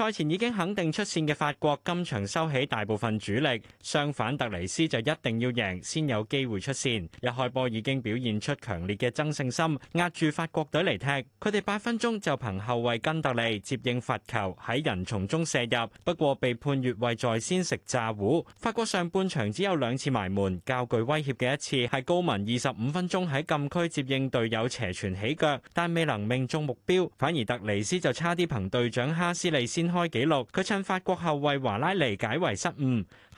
賽前已經肯定出線嘅法國，今場收起大部分主力，相反特尼斯就一定要贏先有機會出線。一開波已經表現出強烈嘅爭勝心，壓住法國隊嚟踢。佢哋八分鐘就憑後衛根特利接應罰球喺人叢中射入，不過被判越位在先食炸糊。法國上半場只有兩次埋門，較具威脅嘅一次係高民二十五分鐘喺禁區接應隊友斜傳起腳，但未能命中目標，反而特尼斯就差啲憑隊長哈斯利先開紀錄，佢趁法國後衛華拉尼解圍失誤。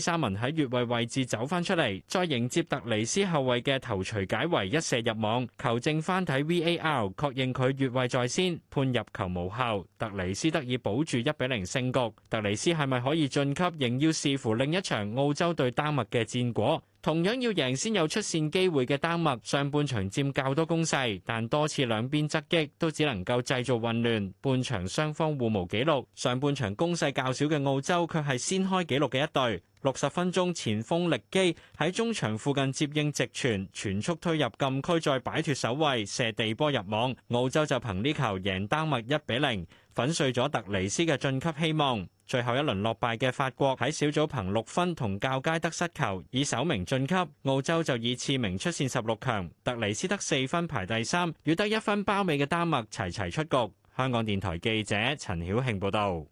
三文喺越位位置走翻出嚟，再迎接特尼斯後衛嘅頭錘解圍一射入網，球證翻睇 VAR，確認佢越位在先，判入球無效。特尼斯得以保住一比零勝局。特尼斯係咪可以晉級？仍要視乎另一場澳洲對丹麥嘅戰果，同樣要贏先有出線機會嘅丹麥上半場佔較多攻勢，但多次兩邊側擊都只能夠製造混亂。半場雙方互無紀錄，上半場攻勢較少嘅澳洲卻係先開紀錄嘅一隊。六十分鐘，前鋒力基喺中場附近接應直傳，全速推入禁區，再擺脫守衞，射地波入網。澳洲就憑呢球贏丹麥一比零，0, 粉碎咗突尼斯嘅晉級希望。最後一輪落敗嘅法國喺小組憑六分同較佳得失球，以首名晉級。澳洲就以次名出線十六強。突尼斯得四分排第三，與得一分包尾嘅丹麥齊齊出局。香港電台記者陳曉慶報道。